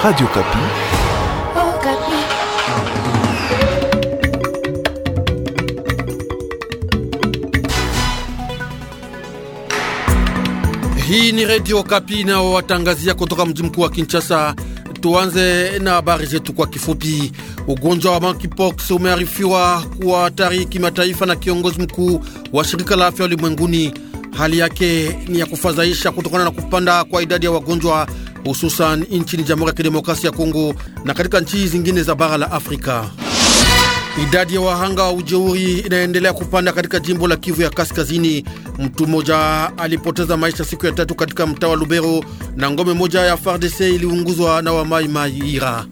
Radio Kapi. Oh, Kapi. Hii ni Radio Kapi nao watangazia kutoka mji mkuu wa Kinshasa. Tuanze na habari zetu kwa kifupi. Ugonjwa wa monkeypox umearifiwa kuwa hatari kimataifa na kiongozi mkuu wa shirika la afya ulimwenguni. Hali yake ni ya kufadhaisha kutokana na kupanda kwa idadi ya wagonjwa hususan nchini Jamhuri ya Kidemokrasia ya Kongo na katika nchi zingine za bara la Afrika. Idadi ya wahanga wa ujeuri inaendelea kupanda katika jimbo la Kivu ya Kaskazini. Mtu mmoja alipoteza maisha siku ya tatu katika mtaa wa Lubero na ngome moja ya FARDC iliunguzwa na wamaimai ira.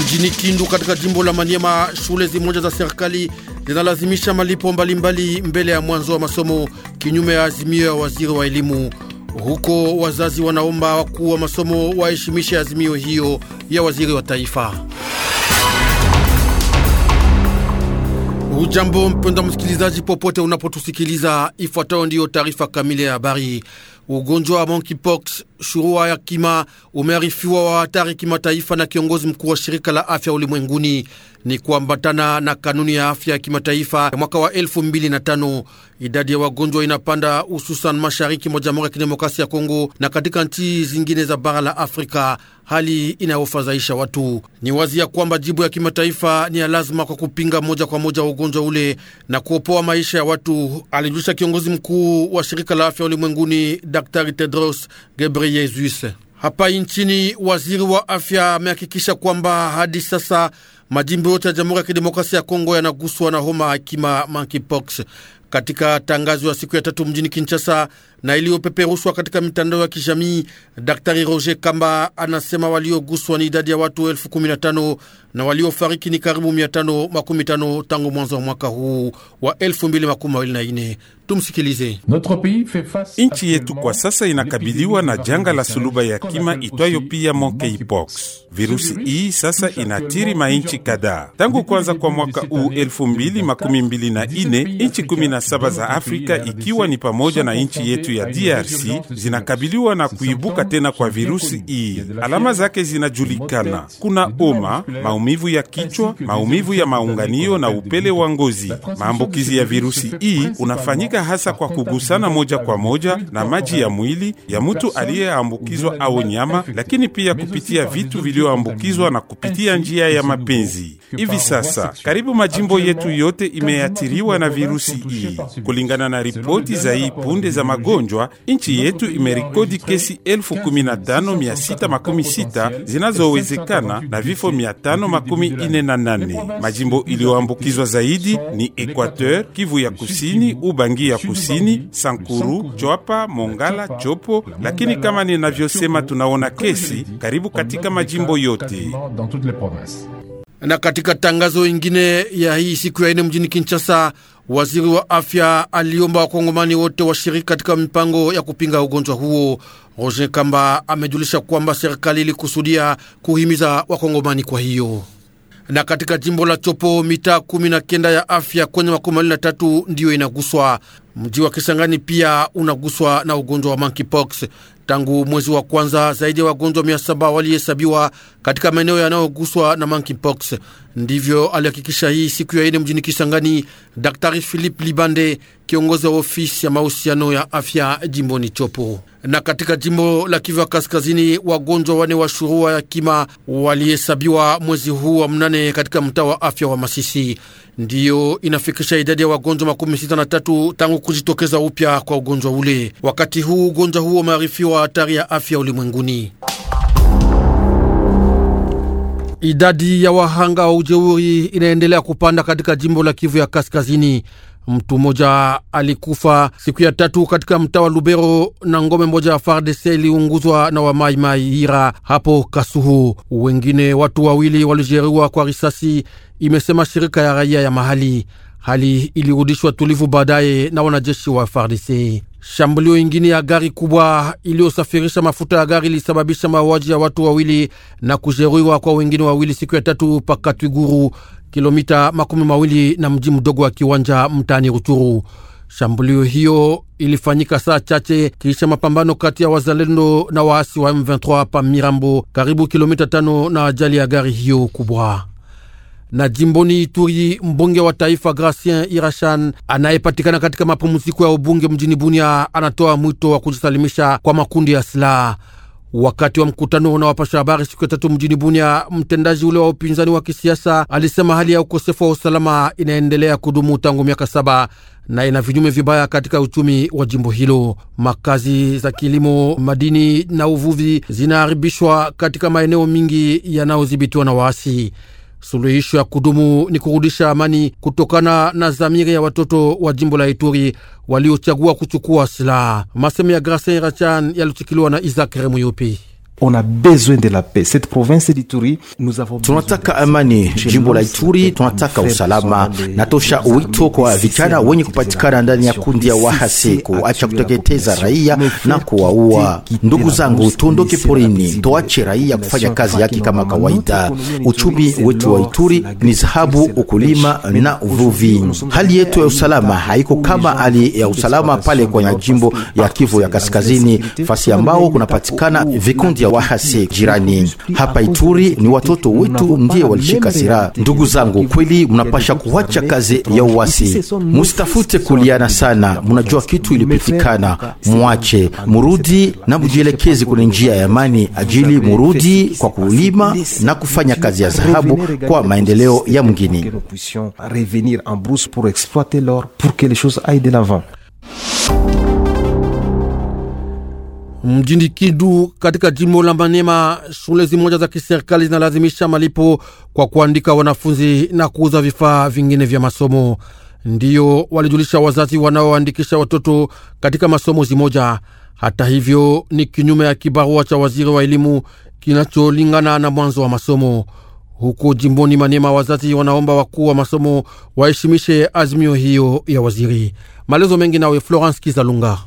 Mjini Kindu katika jimbo la Maniema, shule zimoja za serikali zinalazimisha malipo mbalimbali mbele ya mwanzo wa masomo, kinyume ya azimio ya waziri wa elimu. Huko wazazi wanaomba wakuu wa masomo waheshimishe azimio hiyo ya waziri wa taifa. Ujambo mpenda msikilizaji, popote unapotusikiliza, ifuatayo ndiyo taarifa kamili ya habari. Ugonjwa wa monkeypox, shurua ya kima, umearifiwa wa hatari kimataifa na kiongozi mkuu wa shirika la afya ulimwenguni. Ni kuambatana na kanuni ya afya ya kimataifa ya mwaka wa 25 Idadi ya wagonjwa inapanda hususan mashariki mwa Jamhuri ya Kidemokrasia ya Kongo na katika nchi zingine za bara la Afrika, hali inayofadhaisha watu. Ni wazi ya kwamba jibu ya kimataifa ni ya lazima kwa kupinga moja kwa moja ugonjwa ule na kuopoa maisha ya watu, alijulisha kiongozi mkuu wa shirika la afya ulimwenguni Daktari Tedros Gebreyesus. Hapa nchini, waziri wa afya amehakikisha kwamba hadi sasa majimbo yote ya Jamhuri ya Kidemokrasia ya Kongo yanaguswa na homa ya kima monkeypox. Katika tangazo ya siku ya tatu mjini Kinshasa na iliyopeperushwa katika mitandao ya kijamii, Daktari Roger Kamba anasema walioguswa ni idadi ya watu elfu kumi na tano na waliofariki ni karibu mia tano makumi tano tangu mwanzo wa mwaka huu wa elfu mbili makumi mawili na Tumsikilize. Nchi yetu kwa sasa inakabiliwa na janga la suluba ya kima itwayo pia monkeypox. Virusi hii sasa inatiri mainchi kadhaa tangu kwanza kwa mwaka huu elfu mbili makumi mbili na ine, inchi kumi na saba za Afrika ikiwa ni pamoja na nchi yetu ya DRC zinakabiliwa na kuibuka tena kwa virusi hii. Alama zake zinajulikana: kuna oma, maumivu ya kichwa, maumivu ya maunganio na upele wa ngozi. Maambukizi ya virusi hii unafanyika hasa kwa kugusana moja kwa moja na maji ya mwili ya mtu aliyeambukizwa au nyama, lakini pia kupitia vitu vilivyoambukizwa na kupitia njia ya mapenzi. Hivi sasa karibu majimbo yetu yote imeathiriwa na virusi hii hii. Kulingana na ripoti za hii punde za magonjwa, nchi yetu imerikodi kesi 15616 zinazowezekana na vifo 548. Majimbo iliyoambukizwa zaidi ni Equateur, Kivu ya Kusini, Ubangi ya Kusini, Sankuru, Chwapa, Mongala, Chopo, lakini kama ninavyosema, tunaona kesi karibu katika majimbo yote. Na katika tangazo ingine ya hii siku ya ine mjini Kinshasa, Waziri wa afya aliomba wakongomani wote washiriki katika mipango ya kupinga ugonjwa huo. Roger Kamba amejulisha kwamba serikali ilikusudia kuhimiza wakongomani kwa hiyo na katika jimbo la Chopo mitaa kumi na kenda ya afya kwenye makumi mawili na tatu ndiyo inaguswa. Mji wa Kisangani pia unaguswa na ugonjwa wa monkeypox. Tangu mwezi wa kwanza, zaidi ya wagonjwa mia saba walihesabiwa katika maeneo yanayoguswa na monkeypox. Ndivyo alihakikisha hii siku ya ine mjini Kisangani Daktari Philip Libande, kiongozi wa ofisi ya mahusiano ya afya jimboni Chopo. Na katika jimbo la Kivu Kaskazini, wagonjwa wane wa shurua ya kima walihesabiwa mwezi huu wa mnane katika mtaa wa afya wa Masisi ndiyo inafikisha idadi ya wagonjwa makumi sita na tatu tangu kujitokeza upya kwa ugonjwa ule. Wakati huu ugonjwa huo umearifiwa hatari ya afya ulimwenguni. Idadi ya wahanga wa ujeuri inaendelea kupanda katika jimbo la Kivu ya Kaskazini. Mtu mmoja alikufa siku ya tatu katika mtaa wa Lubero na ngome moja ya FARDC iliunguzwa na wamaimai hira hapo Kasuhu. Wengine watu wawili walijeruhiwa kwa risasi, imesema shirika ya raia ya mahali. Hali ilirudishwa tulivu baadaye na wanajeshi wa FARDC. Shambulio ingine ya gari kubwa iliyosafirisha mafuta ya gari ilisababisha mauaji ya watu wawili na kujeruhiwa kwa wengine wawili siku ya tatu Pakatwiguru, kilomita makumi mawili na mji mdogo wa Kiwanja mtaani Ruchuru. Shambulio hiyo ilifanyika saa chache kisha mapambano kati ya wazalendo na waasi wa M23 pa Mirambo, karibu kilomita tano na ajali ya gari hiyo kubwa na jimboni Ituri, mbunge wa taifa Gracien Irashan anayepatikana katika mapumziko ya ubunge mjini Bunia anatoa mwito wa kujisalimisha kwa makundi ya silaha. Wakati wa mkutano na wapasha habari siku ya tatu mjini Bunia, mtendaji ule wa upinzani wa kisiasa alisema hali ya ukosefu wa usalama inaendelea kudumu tangu miaka saba na ina vinyume vibaya katika uchumi wa jimbo hilo. Makazi za kilimo, madini na uvuvi zinaharibishwa katika maeneo mingi yanayodhibitiwa na waasi. Suluhisho ya kudumu ni kurudisha amani kutokana na zamiri ya watoto wa jimbo la Ituri waliochagua kuchukua silaha. Masemo ya Grasin Rachan yalichikiliwa na Isaac Remuyupi on a besoin de la paix. Cette province d'Ituri, nous avons tunataka amani jimbo la Ituri, tunataka usalama. Natosha uito kwa vijana wenye kupatikana ndani ya kundi ya wahasi kuacha kuteketeza raia na kuwaua. Ndugu zangu, tuondoke porini, tuache raia kufanya kazi yake kama kawaida. Uchumi wetu wa Ituri ni dhahabu, ukulima na uvuvi. Hali yetu ya usalama haiko kama hali ya usalama pale kwenye jimbo ya Kivu ya Kaskazini, fasi ambao kunapatikana vikundi ya waasi jirani. Hapa Ituri ni watoto wetu ndiye walishika silaha. Ndugu zangu, kweli mnapasha kuwacha kazi ya uasi, mustafute kuliana sana. Mnajua kitu ilipitikana, mwache murudi na mujielekezi kwenye njia ya amani, ajili murudi kwa kulima na kufanya kazi ya dhahabu kwa maendeleo ya mgini. revenir en brousse pour exploiter l'or pour que les choses aillent de l'avant. Mjini Kindu katika jimbo la manema shule zimoja za kiserikali zinalazimisha malipo kwa kuandika wanafunzi na kuuza vifaa vingine vya masomo. Ndiyo walijulisha wazazi wanaoandikisha watoto katika masomo zimoja. Hata hivyo, ni kinyume ya kibarua cha waziri wa elimu kinacholingana na mwanzo wa masomo. Huko jimboni manema wazazi wanaomba wakuu wa masomo waheshimishe azimio hiyo ya waziri. Maelezo mengi nawe Florence Kizalunga.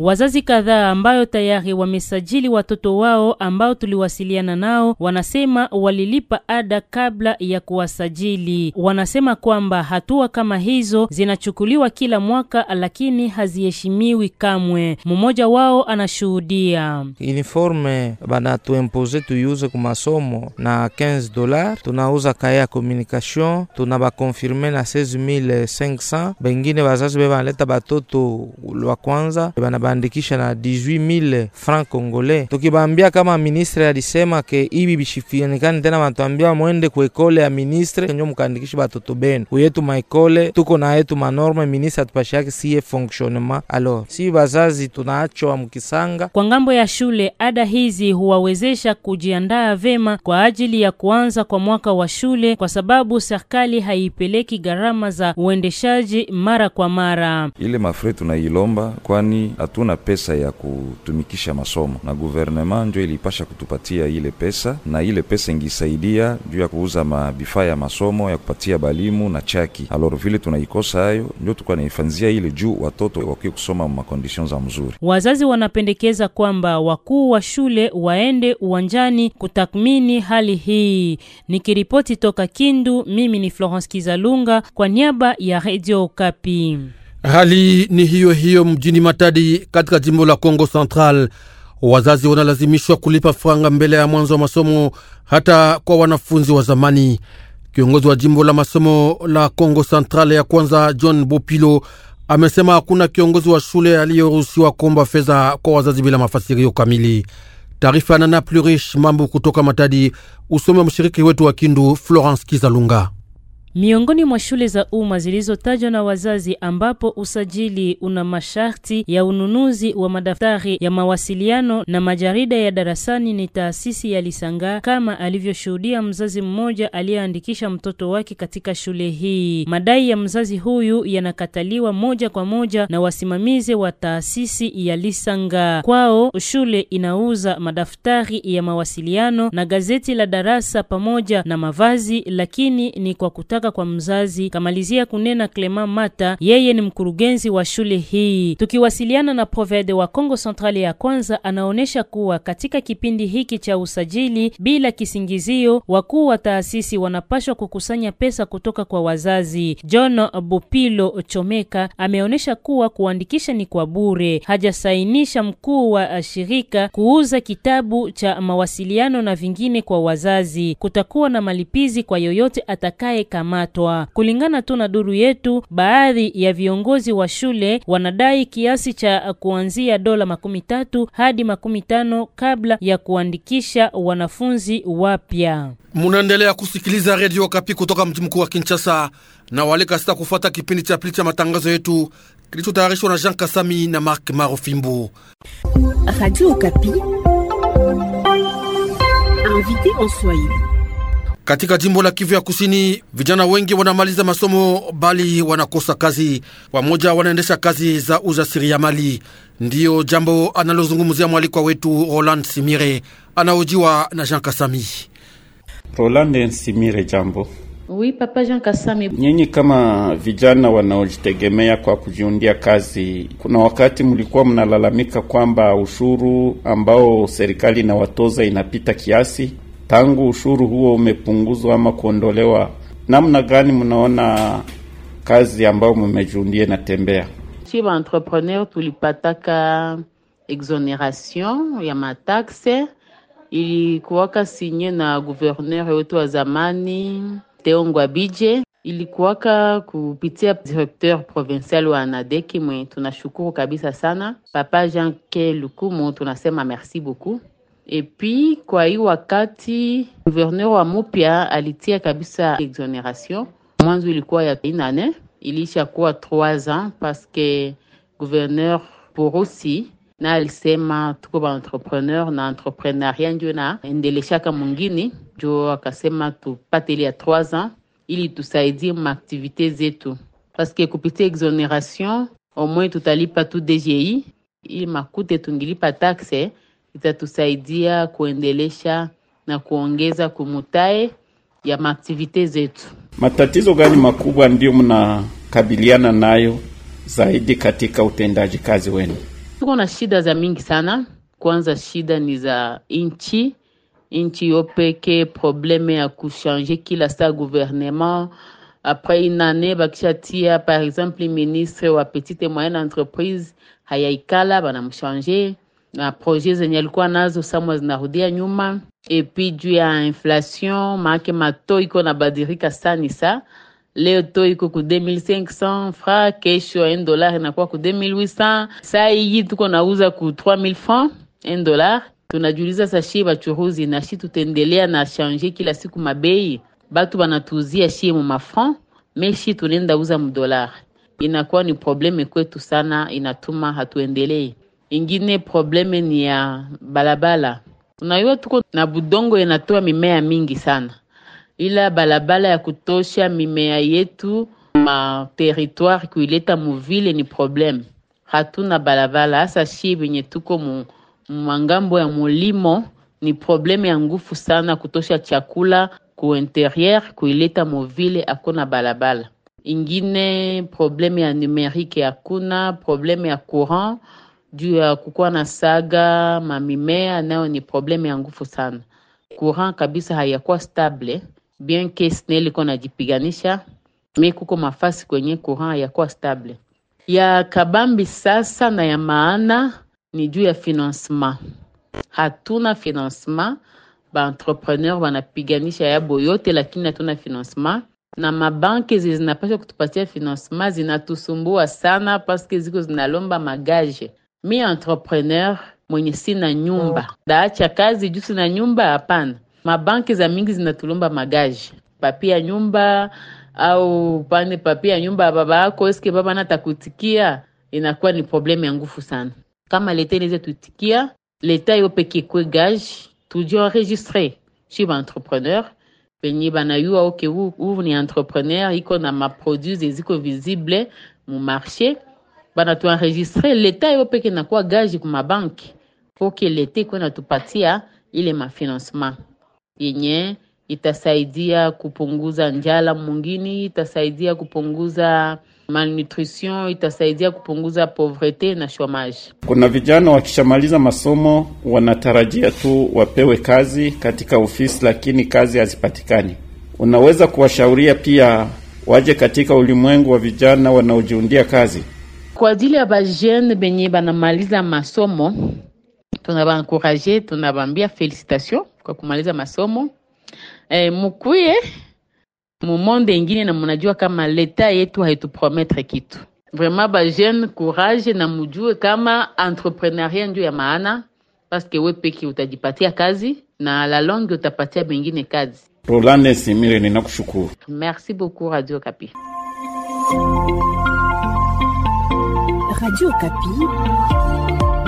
Wazazi kadhaa ambayo tayari wamesajili watoto wao ambao tuliwasiliana nao wanasema walilipa ada kabla ya kuwasajili. Wanasema kwamba hatua kama hizo zinachukuliwa kila mwaka, lakini haziheshimiwi kamwe. Mmoja wao anashuhudia: uniforme banatuempoze tuyuze ku masomo na 15 dola, tunauza kaya ya communication tunabakonfirme na 16500. Bengine wazazi bebanaleta batoto lwa kwanza bana tunabaandikisha na 18000 franc congolais. Tukibaambia kama ministre alisema ke ibi bishifianikani tena, banatwambia mwende ku ekole ya ministre enjo mukaandikishe batoto benu kuyetu maekole, tuko na yetu manorme. Ministre atupashe yake siye fonctionnement alors si bazazi tunaachoa mkisanga kwa ngambo ya shule. Ada hizi huwawezesha kujiandaa vema kwa ajili ya kuanza kwa mwaka wa shule, kwa sababu serikali haipeleki gharama za uendeshaji mara kwa mara. Ile mafre tunailomba kwani atu hatuna pesa ya kutumikisha masomo, na guvernema njo ilipasha kutupatia ile pesa, na ile pesa ingisaidia juu ya kuuza mabifaa ya masomo ya kupatia balimu na chaki. Alor vile tunaikosa hayo, ndio tukwa naifanzia ile juu watoto wakie kusoma makondision za mzuri. Wazazi wanapendekeza kwamba wakuu wa shule waende uwanjani kutathmini hali hii. Nikiripoti toka Kindu, mimi ni Florence Kizalunga kwa niaba ya Radio kapi Hali ni hiyo hiyo mjini Matadi katika jimbo la Kongo Central. Wazazi wanalazimishwa kulipa franga mbele ya mwanzo wa masomo hata kwa wanafunzi wa zamani. Kiongozi wa jimbo la masomo la Kongo Central ya kwanza John Bopilo amesema hakuna kiongozi wa shule aliyeruhusiwa kuomba fedha kwa wazazi bila mafasirio kamili. Taarifa Nana Plurish Mambo kutoka Matadi, usome mshiriki wetu wa Kindu Florence Kizalunga miongoni mwa shule za umma zilizotajwa na wazazi ambapo usajili una masharti ya ununuzi wa madaftari ya mawasiliano na majarida ya darasani ni taasisi ya Lisanga, kama alivyoshuhudia mzazi mmoja aliyeandikisha mtoto wake katika shule hii. Madai ya mzazi huyu yanakataliwa moja kwa moja na wasimamizi wa taasisi ya Lisanga. Kwao shule inauza madaftari ya mawasiliano na gazeti la darasa pamoja na mavazi, lakini ni kwa kutaka kutoka kwa mzazi. Kamalizia kunena Clement Mata, yeye ni mkurugenzi wa shule hii. Tukiwasiliana na Povede wa Kongo Centrale ya kwanza, anaonyesha kuwa katika kipindi hiki cha usajili bila kisingizio, wakuu wa taasisi wanapashwa kukusanya pesa kutoka kwa wazazi. John Bupilo Chomeka ameonyesha kuwa kuandikisha ni kwa bure, hajasainisha mkuu wa uh, shirika kuuza kitabu cha mawasiliano na vingine kwa wazazi. Kutakuwa na malipizi kwa yoyote atakaye kama kukamatwa. Kulingana tu na duru yetu, baadhi ya viongozi wa shule wanadai kiasi cha kuanzia dola makumi tatu hadi makumi tano kabla ya kuandikisha wanafunzi wapya. Munaendelea kusikiliza redio Kapi kutoka mji mkuu wa Kinshasa na walika sita kufuata kipindi cha pili cha matangazo yetu kilichotayarishwa na Jean Kasami na Mark Marofimbo. Radio Kapi invité en Swahili katika jimbo la Kivu ya Kusini, vijana wengi wanamaliza masomo bali wanakosa kazi, wamoja wanaendesha kazi za ujasiriamali. Ndiyo jambo analozungumzia mwalikwa wetu Roland Simire, anaojiwa na Jean Kasami. Roland Simire, jambo. Oui, Papa Jean Kasami. Nyinyi kama vijana wanaojitegemea kwa kujiundia kazi, kuna wakati mlikuwa mnalalamika kwamba ushuru ambao serikali inawatoza inapita kiasi tangu ushuru huo umepunguzwa ama kuondolewa, namna gani mnaona kazi ambayo mmejiundia inatembea? Si ba entrepreneur tulipataka exoneration ya mataxe ilikuwaka sinye na guverneur wetu wa zamani Teongwa Bije, ilikuwaka kupitia directeur provincial wa Anadeki mwe tunashukuru kabisa sana Papa Jean Ke Lukumu, tunasema merci beaucoup. Et puis kwa hii wakati gouverneur wa mupya alitia kabisa exoneration, mwanzo ilikuwa ya inane, ilishakuwa 3 ans paske gouverneur Porusi na alisema tuko ba entrepreneur na entrepreneuria njo na endeleshaka mungini, njo akasema tupate ile ya 3 ans ili tusaidie maaktivite zetu, paske kupitia exoneration au moins tutalipa tu DGI, ili makute tungilipa taxe itatusaidia kuendelesha na kuongeza kumutae ya maaktivite zetu. Matatizo gani makubwa ndio mnakabiliana nayo zaidi katika utendaji kazi wenu? Tuko na shida za mingi sana. Kwanza shida ni za inchi inchi yopeke probleme ya kushanje kila saa gouvernement apres inane année bakishatia par exemple ministre wa petite moyenne entreprise hayaikala banamshange na projet zenye alikuwa nazo samwa zinarudia nyuma, epi juu ya inflation maake mato iko na badirika sani sa leo to iko ku 2500 francs, kesho en dollar inakuwa ku 2800. Saa hii tuko nauza ku 3000 francs en dollar. Tunajuliza sashie bachuruzi na shi tutendelea na change kila siku mabei, batu banatuuzia shie mu mafranc meshi tunenda uza mu dollar, inakuwa ni probleme kwetu sana, inatuma hatuendelei Ingine probleme ni ya balabala. Unajua tuko na budongo inatoa mimea mingi sana, ila balabala ya kutosha mimea yetu ma territoire kuileta muvile ni probleme. Hatuna balabala hasa shi venye tuko mu mangambo ya mulimo, ni probleme ya ngufu sana kutosha chakula ku interieur kuileta muvile, akuna balabala ingine. Probleme ya numerike hakuna, probleme ya courant juu ya kukuwa na saga mamimea, nayo ni probleme ya nguvu sana. Courant kabisa hayakuwa stable, bien que SNEL iko najipiganisha, me kuko mafasi kwenye courant hayakuwa stable. Ya kabambi sasa na ya maana ni juu ya financement. Hatuna financement, ba entrepreneur wanapiganisha yabo yote, lakini hatuna financement na mabanki zinapaswa kutupatia financement, zinatusumbua sana paske ziko zinalomba magaje mi entrepreneur mwenye sina nyumba oh. Daacha kazi juu sina nyumba? Hapana, mabanki za mingi zinatulomba magaji papia nyumba au pane papia nyumba ya baba yako, eske baba na takutikia? Inakuwa ni problemu ya ngufu sana. Kama leta inaweza tutikia, leta yo peke kwe gaji tujue enregistre shi ba entrepreneur penye banayua oke, okay, huu ni entrepreneur iko na maproduits eziko visible mu marché banatuenregistre leta yo peke nakuwa gaji kumabanki poke leta ikuwe natupatia ah, ile mafinancement yenye itasaidia kupunguza njala mungini, itasaidia kupunguza malnutrition, itasaidia kupunguza povrete na shomage. Kuna vijana wakishamaliza masomo wanatarajia tu wapewe kazi katika ofisi, lakini kazi hazipatikani. Unaweza kuwashauria pia waje katika ulimwengu wa vijana wanaojiundia kazi kwa ajili ya bajene benye banamaliza masomo, tunabankuraje, tunabambia felicitation kwa kumaliza masomo e, mukuye mumonde ingine, na munajua kama leta yetu haituprometre kitu vraiment. Bajene courage, na mujue kama entrepreneuria ndio ya maana, paske we peke utajipatia kazi na la longue utapatia bengine kazi. Roland Simire, ninakushukuru. Merci beaucoup Radio Kapi. Radio Kapi.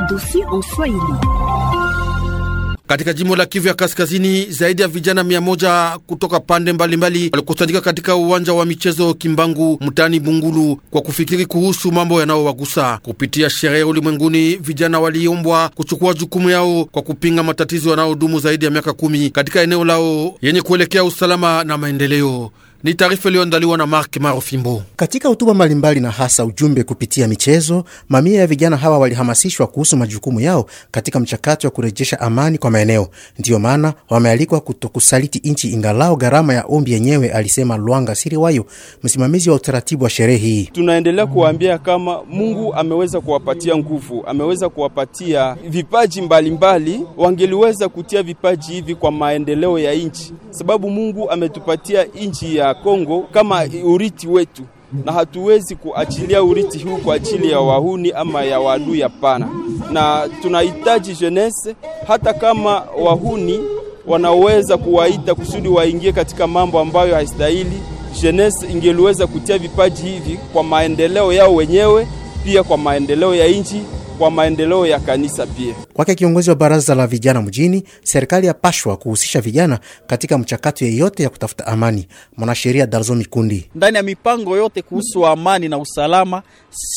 Dosi en Swahili. Katika jimbo la Kivu ya Kaskazini, zaidi ya vijana mia moja kutoka pande mbalimbali walikusanyika katika uwanja wa michezo Kimbangu mtaani Bungulu kwa kufikiri kuhusu mambo yanayowagusa kupitia sherehe ulimwenguni. Vijana waliombwa kuchukua jukumu yao kwa kupinga matatizo yanayodumu zaidi ya miaka kumi katika eneo lao yenye kuelekea usalama na maendeleo. Ni taarifa iliyoandaliwa na Mark Marofimbo. Katika hotuba mbalimbali na hasa ujumbe kupitia michezo, mamia ya vijana hawa walihamasishwa kuhusu majukumu yao katika mchakato wa kurejesha amani kwa maeneo. Ndiyo maana wamealikwa kutokusaliti nchi ingalao gharama ya ombi yenyewe, alisema Lwanga Siriwayo, msimamizi wa utaratibu wa sherehe hii. Tunaendelea kuwaambia kama Mungu ameweza kuwapatia nguvu, ameweza kuwapatia vipaji mbalimbali mbali, wangeliweza kutia vipaji hivi kwa maendeleo ya nchi, sababu Mungu ametupatia nchi ya Kongo kama urithi wetu, na hatuwezi kuachilia urithi huu kwa ajili ya wahuni ama ya wadui. Hapana, na tunahitaji jeunesse, hata kama wahuni wanaweza kuwaita kusudi waingie katika mambo ambayo haistahili. Jeunesse ingeliweza kutia vipaji hivi kwa maendeleo yao wenyewe, pia kwa maendeleo ya nchi kwa maendeleo ya kanisa pia. Kwake kiongozi wa baraza la vijana mjini, serikali yapashwa kuhusisha vijana katika mchakato yeyote ya kutafuta amani. Mwanasheria Darzo Mikundi: ndani ya mipango yote kuhusu amani na usalama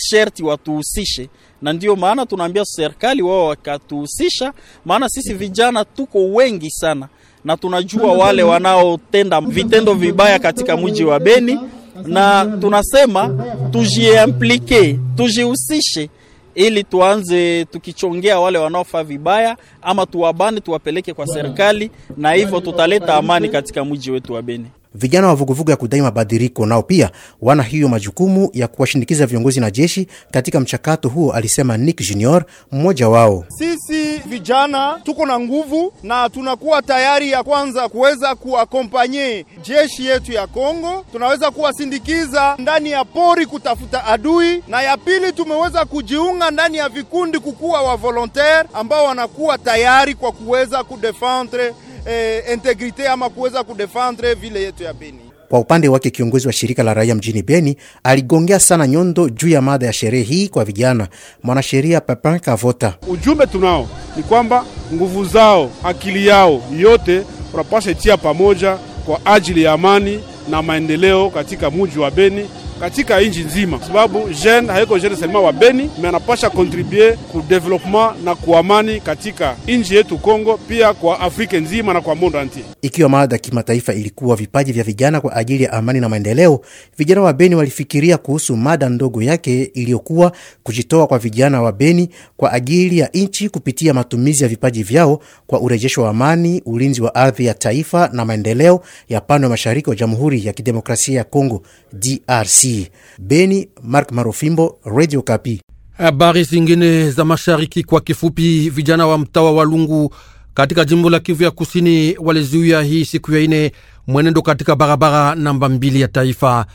sherti watuhusishe, na ndio maana tunaambia serikali wao wakatuhusisha, maana sisi vijana tuko wengi sana na tunajua wale wanaotenda vitendo vibaya katika mji wa Beni na tunasema tujiimplike, tujihusishe ili tuanze tukichongea wale wanaofaa vibaya, ama tuwabane tuwapeleke kwa serikali, na hivyo tutaleta amani katika mji wetu wa Beni. Vijana wa vuguvugu ya kudai mabadiliko nao pia wana hiyo majukumu ya kuwashindikiza viongozi na jeshi katika mchakato huo, alisema Nick Junior, mmoja wao. Sisi vijana tuko na nguvu na tunakuwa tayari ya kwanza kuweza kuakompanye jeshi yetu ya Kongo, tunaweza kuwasindikiza ndani ya pori kutafuta adui, na ya pili tumeweza kujiunga ndani ya vikundi kukuwa wa volontaire ambao wanakuwa tayari kwa kuweza kudefendre eh, integrite ama kuweza kudefendre vile yetu ya Beni. Kwa upande wake kiongozi wa shirika la raia mjini Beni aligongea sana nyondo juu ya mada ya sherehe hii kwa vijana. Mwanasheria Pepin Kavota: ujumbe tunao ni kwamba nguvu zao akili yao yote unapasha itia pamoja kwa ajili ya amani na maendeleo katika muji wa Beni katika nchi nzima, sababu jeune haiko jeune selema wa Beni me anapasha kontribue ku development na ku amani katika nchi yetu Kongo, pia kwa Afrika nzima na kwa mondo anti. Ikiwa mada kimataifa ilikuwa vipaji vya vijana kwa ajili ya amani na maendeleo, vijana wa Beni walifikiria kuhusu mada ndogo yake iliyokuwa kujitoa kwa vijana wa Beni kwa ajili ya nchi kupitia matumizi ya vipaji vyao kwa urejesho wa amani, ulinzi wa ardhi ya taifa na maendeleo ya pande ya mashariki wa Jamhuri ya Kidemokrasia ya Kongo DRC. DRC. Beni, Mark Marofimbo, Radio Kapi. Habari zingine za mashariki kwa kifupi. Vijana wa mtawa wa Lungu katika jimbo la Kivu ya kusini walizuia hii siku ya ine mwenendo katika barabara namba mbili ya taifa,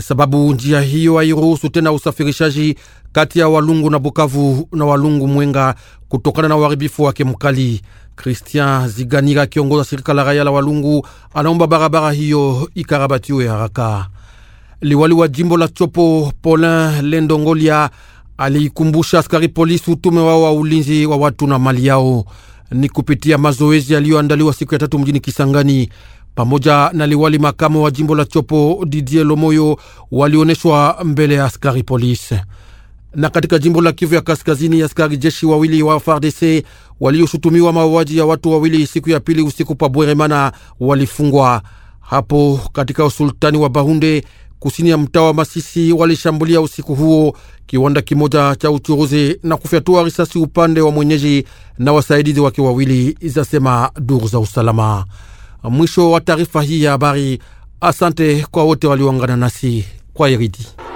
sababu njia hiyo hairuhusu tena usafirishaji kati ya Walungu na Bukavu na Walungu Mwenga kutokana na uharibifu wake mkali. Christian Ziganira, kiongoza shirika la raia la Walungu, anaomba barabara hiyo ikarabatiwe haraka. Liwali wa jimbo la Chopo Polin Lendongolia Ngolia aliikumbusha askari polisi utume wao wa ulinzi wa watu na mali yao. Ni kupitia mazoezi yaliyoandaliwa siku ya tatu mjini Kisangani pamoja na liwali makamo wa jimbo la Chopo Didier Lomoyo walioneshwa mbele ya askari polisi. Na katika jimbo la Kivu ya Kaskazini, askari jeshi wawili wa FARDC walioshutumiwa mauaji ya watu wawili siku ya pili usiku pa Bweremana walifungwa hapo katika usultani wa Bahunde kusini ya mtaa wa Masisi walishambulia usiku huo kiwanda kimoja cha uchuruzi na kufyatua risasi upande wa mwenyeji na wasaidizi wake wawili, zasema duru za usalama. Mwisho wa taarifa hii ya habari. Asante kwa wote walioungana nasi kwa iridi.